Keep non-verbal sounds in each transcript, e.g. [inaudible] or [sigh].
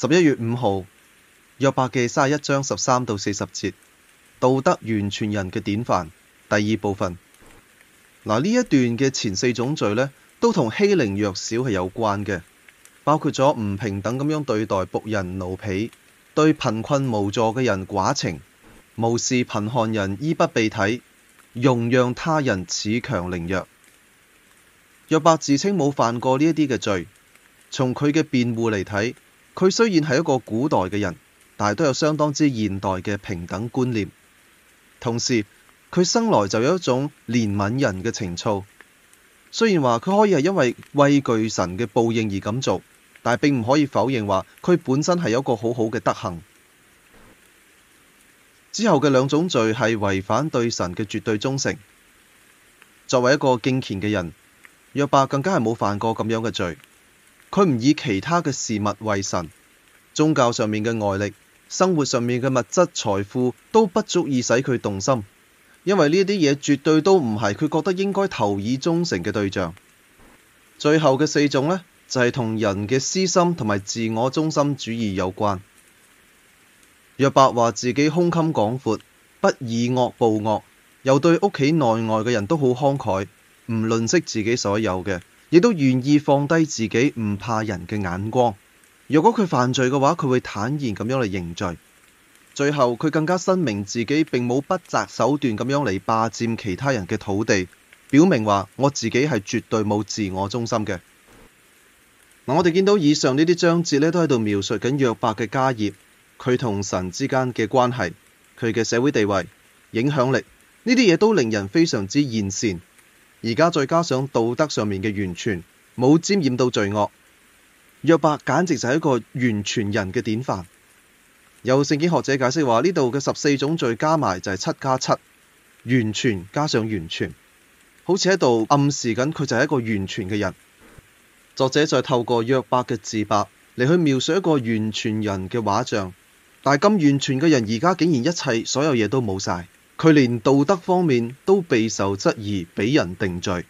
十一月五號，約伯記三一章十三到四十節，道德完全人嘅典範。第二部分。嗱，呢一段嘅前四種罪呢，都同欺凌弱小係有關嘅，包括咗唔平等咁樣對待僕人奴婢，對貧困無助嘅人寡情，無視貧寒人衣不蔽體，容讓他人恃強凌弱。約伯自稱冇犯過呢一啲嘅罪，從佢嘅辯護嚟睇，佢雖然係一個古代嘅人，但係都有相當之現代嘅平等觀念。同時，佢生來就有一種憐憫人嘅情操。雖然話佢可以係因為畏懼神嘅報應而咁做，但係並唔可以否認話佢本身係有一個好好嘅德行。之後嘅兩種罪係違反對神嘅絕對忠誠。作為一個敬虔嘅人，約伯更加係冇犯過咁樣嘅罪。佢唔以其他嘅事物為神，宗教上面嘅外力、生活上面嘅物質財富都不足以使佢動心，因為呢啲嘢絕對都唔係佢覺得應該投以忠誠嘅對象。最後嘅四種呢，就係同人嘅私心同埋自我中心主義有關。約伯話自己胸襟廣闊，不以惡報惡，又對屋企內外嘅人都好慷慨，唔吝嗇自己所有嘅。亦都願意放低自己，唔怕人嘅眼光。如果佢犯罪嘅話，佢會坦然咁樣嚟認罪。最後，佢更加申明自己並冇不擇手段咁樣嚟霸佔其他人嘅土地，表明話我自己係絕對冇自我中心嘅。嗱， [noise] 我哋見到以上呢啲章節咧，都喺度描述緊約伯嘅家業、佢同神之間嘅關係、佢嘅社會地位、影響力呢啲嘢，都令人非常之艷羨。而家再加上道德上面嘅完全，冇沾染到罪惡，約伯簡直就係一個完全人嘅典範。有聖經學者解釋話，呢度嘅十四種罪加埋就係七加七，完全加上完全，好似喺度暗示緊佢就係一個完全嘅人。作者就係透過約伯嘅自白嚟去描述一個完全人嘅畫像，但係咁完全嘅人而家竟然一切所有嘢都冇晒。佢連道德方面都備受質疑，俾人定罪。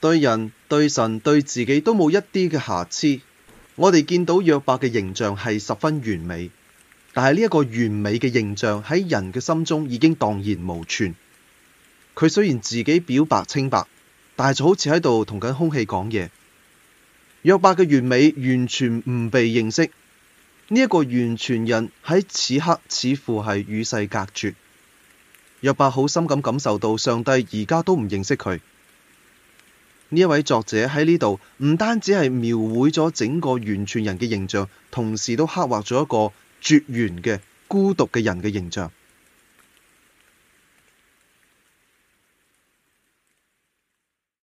對人、對神、對自己都冇一啲嘅瑕疵。我哋見到約伯嘅形象係十分完美，但係呢一個完美嘅形象喺人嘅心中已經蕩然無存。佢雖然自己表白清白，但係就好似喺度同緊空氣講嘢。約伯嘅完美完全唔被認識。呢一個完全人喺此刻似乎係與世隔絕。約伯好深咁感受到，上帝而家都唔認識佢。呢一位作者喺呢度唔單止係描繪咗整個完全人嘅形象，同時都刻畫咗一個絕緣嘅孤獨嘅人嘅形象。